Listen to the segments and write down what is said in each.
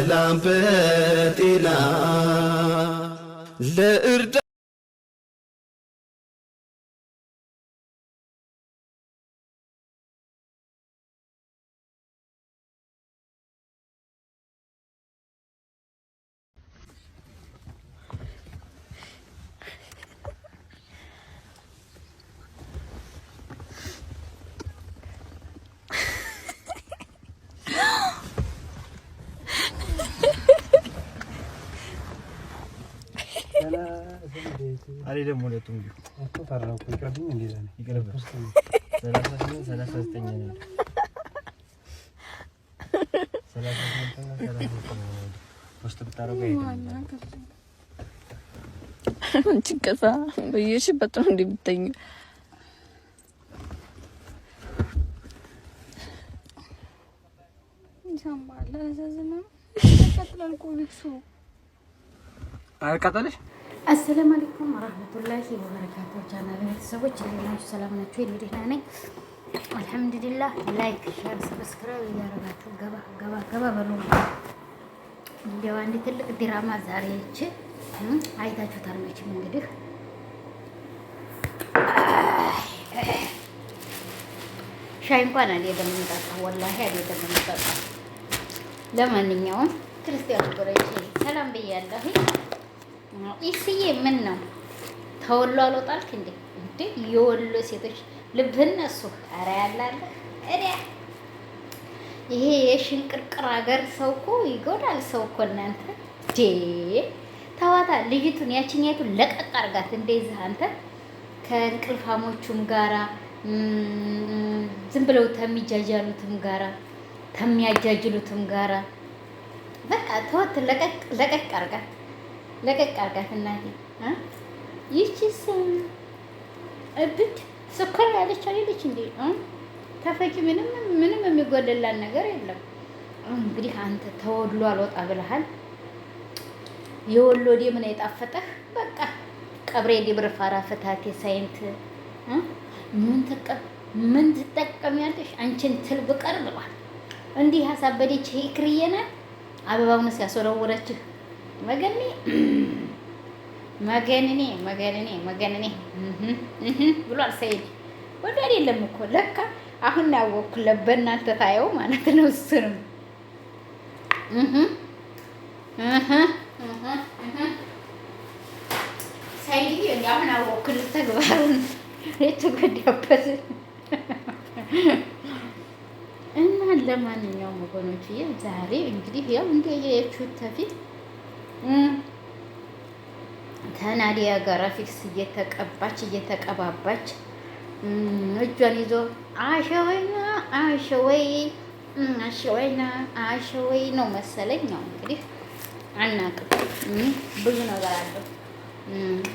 በሰላም በጤና ለእርዳ አሬ ደግሞ ሁለቱም እንዲሁ ታረኩ ይቅርብኝ። እንዴዛ ነው ይቅርብ። ሰላሳ ስምንት ሰላሳ ዘጠኝ ነው ሰላሳ ስምንት ሰላሳ ዘጠኝ ውስጥ ብታረጉ አንቺ በየሽበት ነው እንዴ ብትተኝ ይሰማል። ለዘዝና ተቀጥላል እኮ ነው አቃጠለሽ። አሰላም አለይኩም ወራህመቱላሂ ወበረካቱ። ቻናል ቤተሰቦች እንዴት ናችሁ? ሰላም ናችሁ? እኔ ደህና ነኝ አልሐምዱሊላህ። ላይክ፣ ሼር፣ ሰብስክራይብ እያደረጋችሁ ገባ ገባ ገባ በሉ። እንዲያው አንድ ትልቅ ድራማ ዛሬ እቺ አይታችሁ መቼም እንግዲህ ሻይ እንኳን አይደለም የምጠጣው፣ ወላሂ አይደለም የምጠጣው። ለማንኛውም ክርስቲያን ወገኖቼ ሰላም ብያለሁ። ኢስዬ ምን ነው ተወሎ አልወጣልክ እንዴ? እንዴ የወሎ ሴቶች ልብ እነሱ አረ ያላለ እዲያ ይሄ የሽንቅርቅር ሀገር ሰው እኮ ይጎዳል። ሰው እኮ እናንተ ዴ ተዋታ ልጅቱን ያችኛይቱን ለቀቅ አርጋት እንደዚህ አንተ ከእንቅልፋሞቹም ጋራ ዝም ብለው ተሚጃጃሉትም ጋራ ተሚያጃጅሉትም ጋራ በቃ ተወት ለቀቅ ለቀቅ አርጋት። ለቀቅ አድርጋት እናቴ። ይቺስ እብድ ስኩር ያለች አይደለች እንዴ? ተፈቂ ምንም ምንም የሚጎደላን ነገር የለም። እንግዲህ አንተ ተወሎ አልወጣ ብለሃል። የወሎ ደም ነው የጣፈጠህ። በቃ ቀብሬ ዲብር ፋራ ፈታቴ ሳይንት ምን ትቀብ ምን ትጠቀሚያለሽ አንቺን ትልብ ቀርብሏል። ብሏል። እንዲህ ያሳበደችህ ይክርየናል አበባውንስ ሲያስወረውረችህ መገንኔ መገንኔ መገንኔ መገንኔ ብሏል ሰይድ። ወዳድ የለም እኮ ለካ አሁን ያወቅኩለት በእናንተ ታየው ማለት ነው። እሱንም ሰይድ አሁን ያወቅኩለት ተግባሩን የተጎዳበት እና ለማንኛውም ወገኖች ዛሬ እንግዲህ ያው እንዳያችሁት ተፊት ከናዲያ ጋር ፊክስ እየተቀባች እየተቀባባች እጇን ይዞ አሸወይና አሸወይ አሸወይና አሸወይ ነው መሰለኝ። ያው እንግዲህ አናቅም ብዙ ነገር አለው።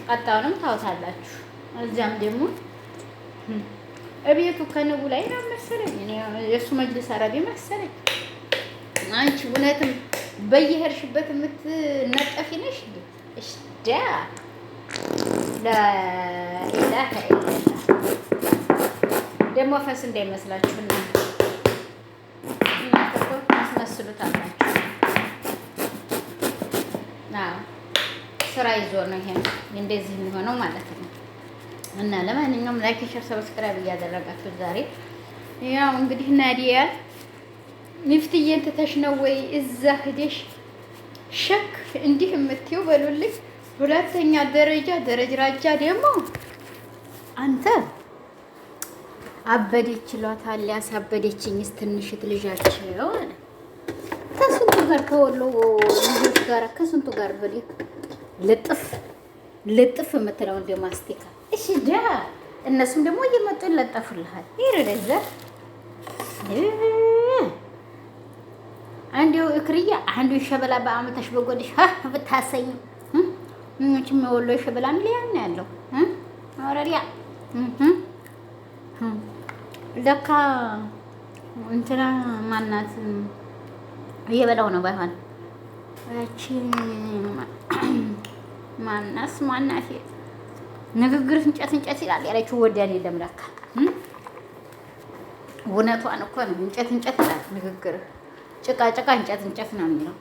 ቀጣውንም ታውታላችሁ። እዚያም ደግሞ እቤቱ ከንቡ ላይ ነው መሰለኝ የእሱ መጅልስ አረቢ መሰለኝ። አንቺ እውነትም በየሄድሽበት የምትነጠፊ ነሽ። እሽዳ ለኢላህ ደግሞ ፈስ እንዳይመስላችሁ እና እናንተ እኮ ታስመስሉት ስራ ይዞ ነው ይሄ እንደዚህ የሚሆነው ማለት ነው። እና ለማንኛውም ላይክ፣ ሸር፣ ሰብስክራይብ እያደረጋችሁ ዛሬ ያው እንግዲህ ናዲያ ሚፍትዬን ትተሽ ነው ወይ እዛ ሂደሽ ሸክ እንዲህ የምትይው በሉልኝ። ሁለተኛ ደረጃ ደረጃ ደግሞ አንተ አበዴ ችሏታል ያሳበደችኝ ትንሽት ልጃቸው ከስንቱ ጋር ከወሎ ልጆች ጋር ከስንቱ ጋር በል ልጥፍ ልጥፍ የምትለው እንደ ማስቲካ እሺ፣ ዳ እነሱም ደግሞ እየመጡ ይለጠፉልሃል። ይረደዘ እንዲሁ እክርያ አንዱ ሸበላ በአመተሽ በጎድሽ ብታሰኝ እችም የወሎ ሸበላ ሚሊያን ያለው ወረሪያ ለካ እንትና ማናት እየበላው ነው። ባይሆን እቺ ማናስ ማናት ንግግር እንጨት እንጨት ይላል ያለችው ወዲያን የለም ለካ እውነቷን እኮ ነው። እንጨት እንጨት ይላል ንግግር ጭቃ ጭቃ እንጨት እንጨት ነው የሚለው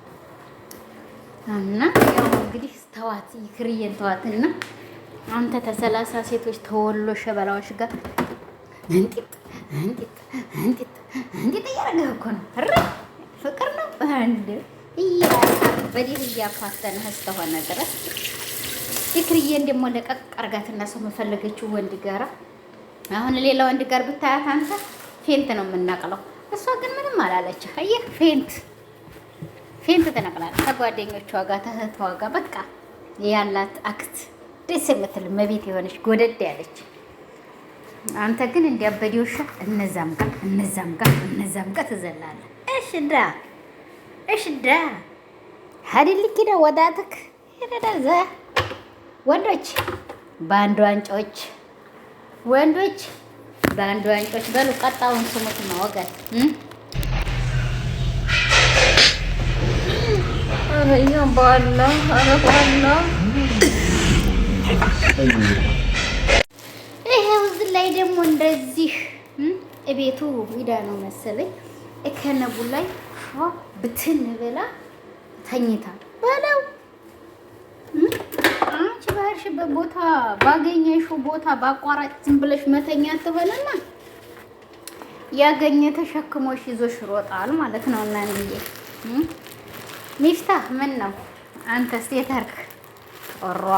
እና ያው እንግዲህ ተዋት ይክርየን ተዋትና አንተ ተሰላሳ ሴቶች ተወሎ ሸበላዎች ጋር እንጢጥ እንጢጥ እንጢጥ እንጢጥ እያደረገህ እኮ ነው። ኧረ ፍቅር ነው አንድ በዲህ እያፋተንህ እስከሆነ ድረስ ይክርየን ደግሞ ለቀቅ አርጋትና ሰው መፈለገችው ወንድ ጋራ አሁን ሌላ ወንድ ጋር ብታያት አንተ ፌንት ነው የምናቅለው። እሷ ግን ምንም አላለች። አየህ ፌንት ፌንት ትነቅላለች። ከጓደኞቿ ጋር ተህቷ ጋር በቃ ያላት አክት ደስ የምትል መቤት የሆነች ጎደድ ያለች። አንተ ግን እንዲያበድ ውሻ እነዛም ጋር እነዛም ጋር እነዛም ጋር ትዘላለህ። እሽ እሽዳ ሀዲልኪ ደ ወዳትክ ሄደዳዘ ወንዶች በአንዱ አንጫዎች ወንዶች በአንድ ዋንጮች በሉ ቀጣውን ስሙት ነው ወገን። እኛም በኋላ ኧረ በኋላ ይሄው እዚህ ላይ ደግሞ እንደዚህ እቤቱ ሂዳ ነው መሰለኝ እከነቡ ላይ ብትን ብላ ተኝታ በለው በህርሽበት ቦታ ባገኘሽው ቦታ በአቋራጭ ዝም ብለሽ መተኛ ትሆንና ያገኘ ተሸክሞሽ ይዞሽ ሮጣል ማለት ነው። እና ንዬ ሚፍታህ ምን ነው አንተ የተርክ ሯ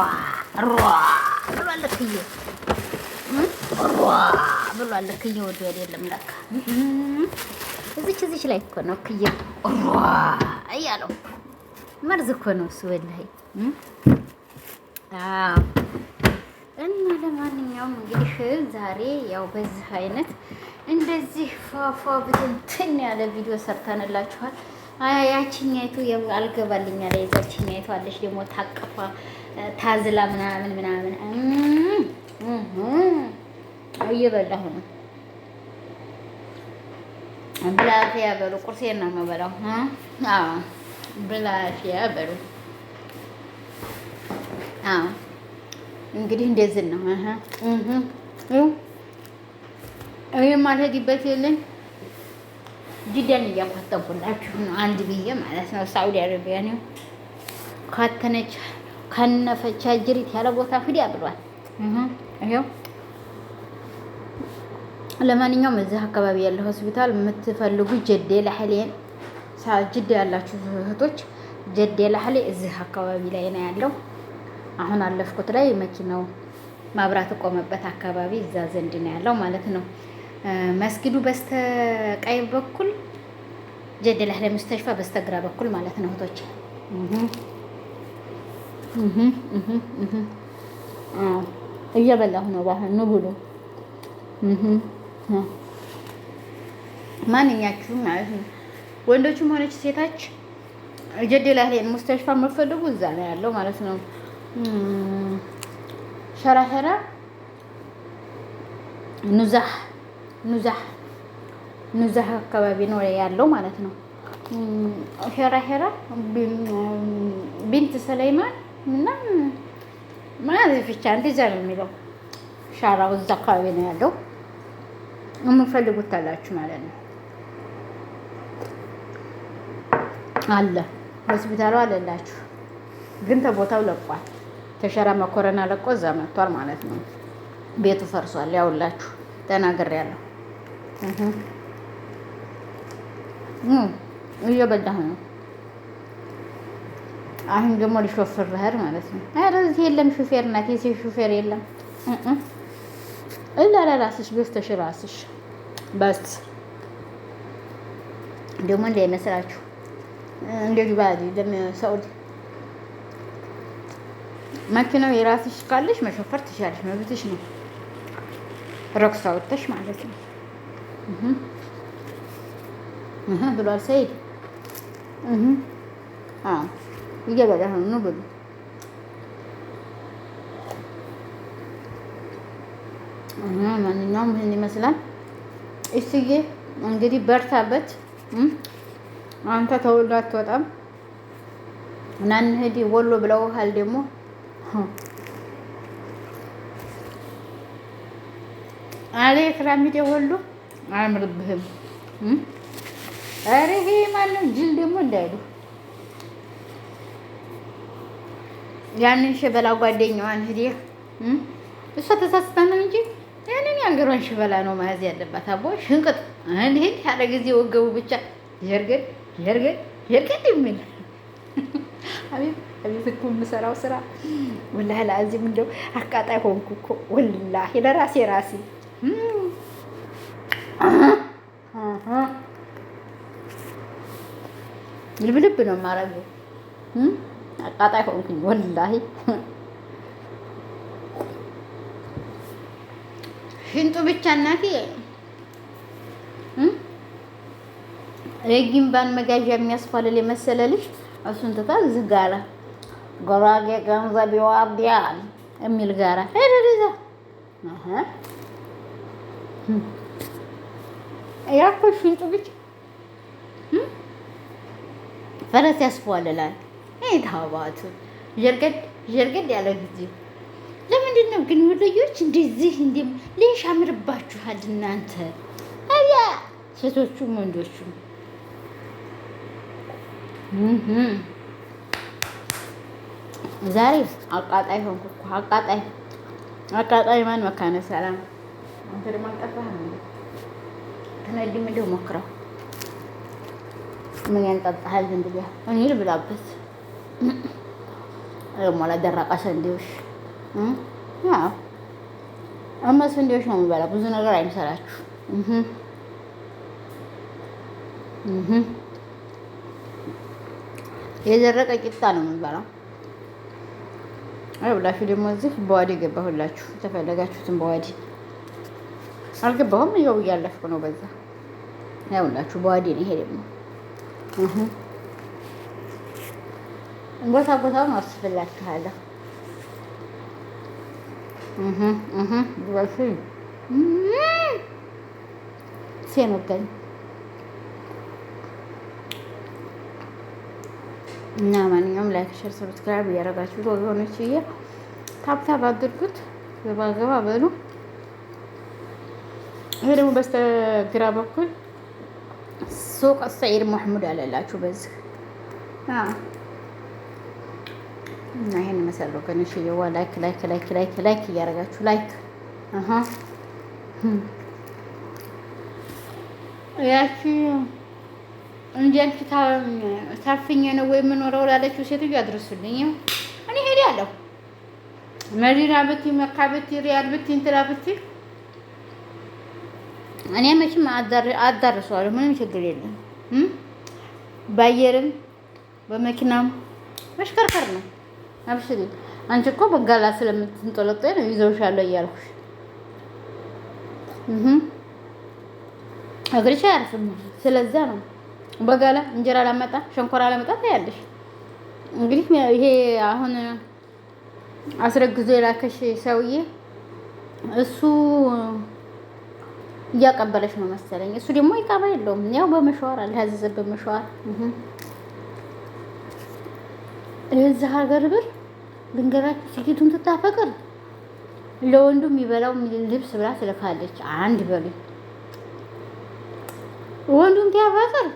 ብሏል ወዲ ወዲ የለም ለካ እዚች እዚች ላይ እኮ ነው ክዬ እያለው መርዝ እኮ ነው እሱ ወላሂ እና ለማንኛውም እንግዲህ ዛሬ ያው በዚህ አይነት እንደዚህ ፏፏ ብትንትን ያለ ቪዲዮ ሰርተንላችኋል። ያችኛይቱ አልገባልኛ ላይ ዛችኛይቱ አለች ደግሞ ታቅፋ ታዝላ ምናምን ምናምን እየበላሁ ነው። ብላፊያ በሉ ቁርሴን ነው የምበላው። ብላፊያ በሉ እንግዲህ እንደዚህ ነው። ይህ ማድረግበት የለኝ ጅዳን እያኳተቡላችሁ ነው። አንድ ብዬ ማለት ነው። ሳዑዲ አረቢያ ነው ካተነች ከነፈቻ ጅሪት ያለ ቦታ ፍዲያ ብሏል። ይኸው ለማንኛውም እዚህ አካባቢ ያለ ሆስፒታል የምትፈልጉ ጀዴ ላህሌን ጅዳ ያላችሁ እህቶች ጀዴ ላህሌ እዚህ አካባቢ ላይ ነው ያለው። አሁን አለፍኩት ላይ መኪናው ማብራት ቆመበት አካባቢ እዛ ዘንድ ነው ያለው ማለት ነው። መስጊዱ በስተቀኝ በኩል ጀደላህ ለሙስተሽፋ በስተግራ በኩል ማለት ነው። እህቶች እየበላሁ ነው። ባህል ኑ ብሉ። ማንኛችሁም ማለት ነው ወንዶችም ሆነች ሴታች ጀደላህ ሙስተሽፋ መፈልጉ እዛ ነው ያለው ማለት ነው። ሸራሸራ ኑዛህ ኑዛህ ኑዛህ አካባቢ ነው ያለው ማለት ነው። ሸራሸራ ቢንት ሰለይማን እና ማለት ብቻ እንደዛ ነው የሚለው። ሻራው እዛ አካባቢ ነው ያለው። የምንፈልጉት አላችሁ ማለት ነው አለ ሆስፒታሉ አለላችሁ ግን ተቦታው ለቋል። ተሸራ መኮረና ለቆ እዛ መጥቷል ማለት ነው። ቤቱ ፈርሷል። ያውላችሁ ተናግሬ ያለሁ እየበላሁ ነው። አሁን ደግሞ ሊሾፍር ባህር ማለት ነው። ኧረ እዚህ የለም ሹፌር ናት የሴ ሹፌር የለም። እላ ለራስሽ ገዝተሽ ራስሽ በስ ደግሞ እንዳይመስላችሁ እንደዚህ ባዲ ለሰዑድ መኪናው የራስሽ ካለሽ መሾፈር ትችላለሽ፣ መብትሽ ነው። ረክሷ ወጥተሽ ማለት ነው ብሏል ሰይድ። እየበላ ሆኑ ብሉ ማንኛውም ይህን ይመስላል። እስዬ እንግዲህ በርታበት። አንተ ተወልዶ አትወጣም። ና እንሂድ ወሎ ብለውሃል ደግሞ አለ ክራሚድ የወሉ አያምርብህም። ኧረ ይሄ ማነው ጅል ደግሞ እንዳይሉ ያንን ሸበላ ጓደኛዋን ህዲያ እሷ ተሳስታ ነው እንጂ ያንን የአገሯን ሸበላ ነው መያዝ ያለባት። አቦ ሽንቅጥ እንዲህ ያለ ጊዜ ወገቡ ብቻ ይርገድ ይርገድ ይርገድ የሚል ከቤት እኮ የምሰራው ስራ ወላሂ ለአዚም እንደው አቃጣይ ሆንኩ እኮ ወላሂ ለራሴ ራሴ ልብልብ ነው የማደርገው። አቃጣይ ሆንኩኝ ወላሂ። ሽንጡ ብቻ እናቴ የጊንባን መጋዣ የሚያስፋልል የመሰለ ልጅ እሱን ትታ ዝግ አለ። ጎራጌ ገንዘብ ይዋርዳል የሚል ጋራ ሄደዛ ያኮ ሽንጡ ብቻ ፈረስ ያስቧልላል። ይታባቱ ጀርገድ ጀርገድ ያለ ጊዜ ለምንድን ነው ግን ወሎዮች እንደዚህ እንደ ሌሽ አምርባችኋል እናንተ? አያ ሴቶቹም ወንዶቹም ዛሬ አቃጣይ ሆንኩ እኮ አቃጣይ አቃጣይ ማን መካነ ሰላም አንተ ደግሞ አልጠፋህም እንዴ? ትነድም እንደው ሞክረው ምን ያንጠጣሃል? ዝም ብለህ እኔ ልብላበት ደግሞ ላደረቀ ሰንዴዎች እማ ሰንዴዎች ነው የሚበላ ብዙ ነገር አይምሰላችሁ። የደረቀ ቂጣ ነው የሚበላው። ብላችሁ ደግሞ እዚህ በዋዲ ገባሁላችሁ። ተፈለጋችሁትን በዋዲ አልገባሁም። ይኸው እያለፍኩ ነው። በዛ አይውላችሁ በዋዲ ነው። ይሄ ደግሞ ቦታ ቦታውን አስፍላችኋለሁ። ሴኖ ገኝ እና ማንኛውም ላይክ፣ ሸር፣ ሰብስክራይብ እያደረጋችሁ ወገኖች እየ ታብታብ አድርጉት። ገባ ገባ በሉ። ይሄ ደግሞ በስተግራ በኩል ሱቅ ሰይድ መሐሙድ አለላችሁ። በዚህ እና ይሄን መሰል ወገኖች እየዋ ላይክ ላይክ ላይክ ላይክ ላይክ እያደረጋችሁ ላይክ አሃ ያቺ እንጃንቺ ታፍኜ ነው ወይ የምኖረው ላለችው ሴትዮ አድርሱልኝ። እኔ ያለው መዲና ብቲ፣ መካ ብቲ፣ ሪያድ ብቲ፣ እንትና ብቲ እኔ መቼም አዳርሰዋለሁ። ምንም ችግር የለም። በአየርም በመኪናም መሽከርከር ነው። አብሽሪ። አንቺ እኮ በጋላ ስለምትንጠለጠ ነው ይዘውሻለሁ እያልኩሽ እግርሽ አያርፍም። ስለዛ ነው በጋላ እንጀራ ላመጣ ሸንኮራ ላመጣ ታያለሽ። እንግዲህ ይሄ አሁን አስረግዞ የላከሽ ሰውዬ እሱ እያቀበለች ነው መሰለኝ። እሱ ደግሞ ይቃባ የለውም ያው በመሸዋር አልታዘዘ በመሸዋር እዚህ ሀገር ብር ልንገራችሁ፣ ሲኪቱን ትታፈቅር ለወንዱ የሚበላው ልብስ ብላ ትልካለች። አንድ በሉ ወንዱን ትያፈቅር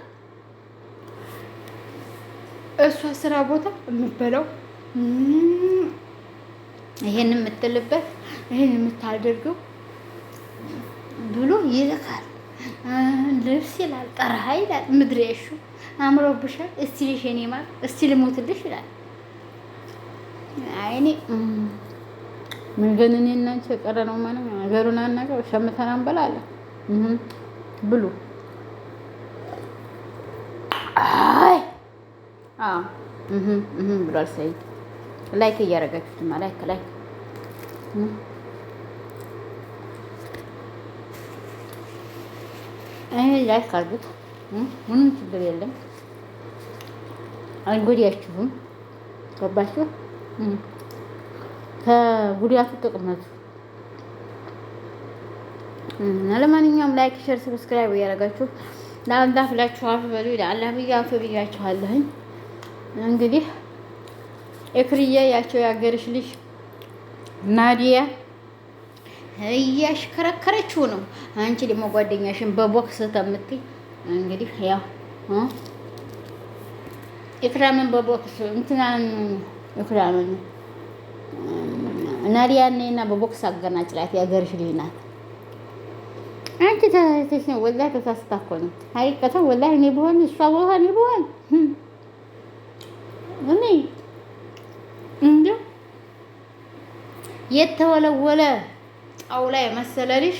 እሷ ስራ ቦታ የምበለው ይሄን የምትልበት ይሄን የምታደርገው ብሎ ይልካል። ልብስ ይላል፣ ጠራሃ ይላል፣ ምድር ምድሬሹ አምሮብሻል፣ እስቲ ልሽ የኔ ማር እስቲ ልሞትልሽ ይላል። አይኔ ምን ግን እኔ እና የቀረ ነው ማለት ነው። ነገሩን አናውቀው ሸምተን እንበላለን ብሉ ብሏል ሰይድ። ላይክ እያደረጋችሁትማ ላይክ ላይክ ይሄን ላይክ አድርጉት። ምንም ችግር የለም። አልጎዳያችሁም። ገባችሁ? ከጉዳቱ ጥቅመቱ ለማንኛውም ላይክ፣ ሸር፣ ሰብስክራይብ እያደረጋችሁ ለአላህ ብላችሁ አፍ በሉ። ለአላህ ብዬ አፍ ብያችኋለሁኝ። እንግዲህ እክርያ ያቸው ያገርሽ ልጅ ናዲያ እያሽከረከረችው ነው። አንቺ ደግሞ ጓደኛሽን በቦክስ ተምትይ እንግዲህ ያው ኢክራምን በቦክስ እንትናን ኢክራምን ናዲያን እና በቦክስ አገናጭላት ያገርሽ ልጅ ናት። አንቺ ተሳስተሽ ነው ወላሂ ተሳስታ እኮ ነው። ሀቂቀተን ወላሂ እኔ ብሆን እሷ ብሆን እኔ ብሆን እኔ እንዲ የተወለወለ ጣውላ የመሰለ ልጅ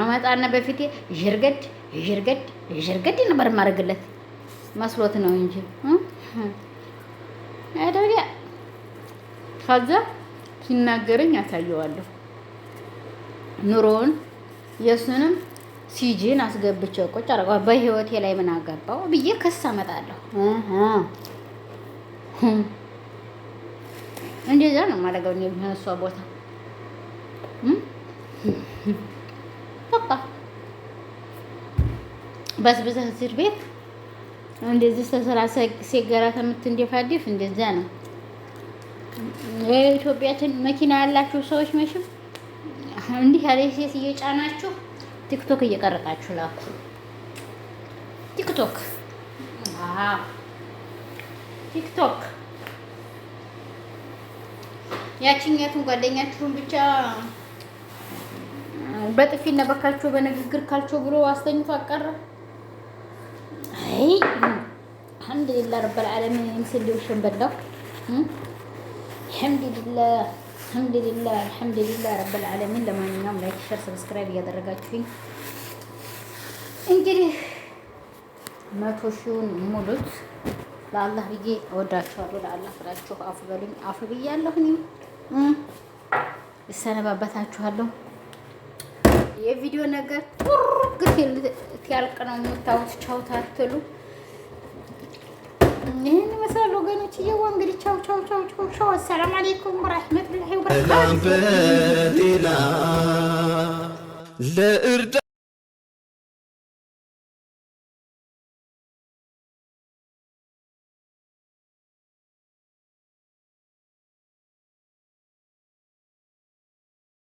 አመጣና በፊቴ ይርገድ ይርገድ ይርገድ ነበር ማድረግለት መስሎት ነው እንጂ አይደለ። ከዛ ሲናገረኝ አሳየዋለሁ ኑሮውን የሱንም ሲጂን አስገብቼ ቁጭ አደረገዋለሁ። በህይወቴ ላይ ምን አገባው ብዬ ክስ አመጣለሁ። እንደዛ ነው የማደርገው እኔ እሷ ቦታ በቃ በስብዘህ እስር ቤት እንደዚህ ተሰራ ሲገራ ከምትንደፋደፍ እንደዛ ነው። የኢትዮጵያችን መኪና ያላችሁ ሰዎች መቼም እንዲህ ያለ ሴት እየጫናችሁ ቲክቶክ እየቀረጣችሁ ላኩ። ቲክቶክ አዎ ቲክቶክ ያችኛቱን ጓደኛችሁን ብቻ በጥፊ ነበካቸው በንግግር ካልቸው ብሎ አስተኝቶ አቀረ። አይ አልሐምዱሊላህ ረብል ዓለሚን እንስልው ሸምበላው አልሐምዱሊላህ አልሐምዱሊላህ አልሐምዱሊላህ ረብል ዓለሚን። ለማንኛውም ላይክ፣ ሼር፣ ሰብስክራይብ እያደረጋችሁኝ እንግዲህ መቶ ሺውን ሙሉት። ለአላህ ብዬ እወዳችኋለሁ። ለአላህ ብላችሁ አፉ በሉኝ። አፉ ብያለሁ። እኔም እሰነባበታችኋለሁ። የቪዲዮ ነገር ግት ያልቅ ነው የምታዩት። ቻው ታትሉ ይህን ይመስላል ወገኖች። እየዋ እንግዲህ ቻው ቻው ቻው ቻው ቻው። አሰላም አለይኩም ወራህመቱላሂ ወበረካቱ።